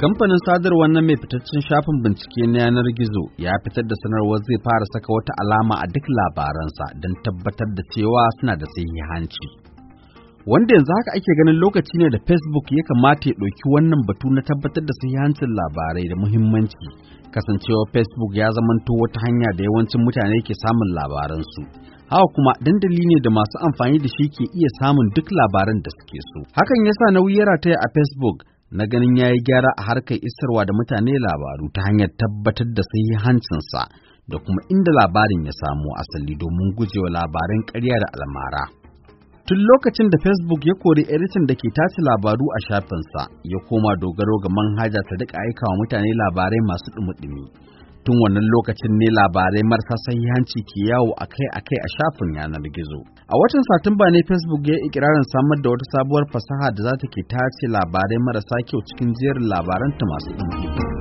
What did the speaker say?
Kamfanin sadarwar nan mai fitaccen shafin bincike na yanar gizo ya fitar da sanarwar zai fara saka wata alama a duk labaransa don tabbatar da cewa suna da sahihanci. Wanda yanzu haka ake ganin lokaci ne da Facebook ya kamata ya ɗauki wannan batu na tabbatar da sahihancin labarai da muhimmanci, kasancewa Facebook ya zamanto wata hanya da yawancin mutane ke samun labaransu. hawa kuma dandali ne da masu amfani da shi ke iya samun duk labaran da suke so. Hakan yasa nauyi ya rataya a Facebook na ganin ya yi gyara a harkar isarwa da mutane labaru ta hanyar tabbatar da sahihancinsa da kuma inda labarin ya samu asali domin gujewa labaran ƙarya da almara. Tun lokacin da Facebook ya kori editan da ke tace labaru a shafinsa ya koma dogaro ga manhaja ta duka aikawa mutane labarai masu ɗumi-ɗumi. tun wannan lokacin ne labarai marasa sahihanci ke yawo akai-akai a shafin yanar gizo. A watan Satumba ne Facebook ya ikirarin samar da wata sabuwar fasaha da za ta ke tace labarai marasa kyau cikin jerin labaranta masu ɗumbi.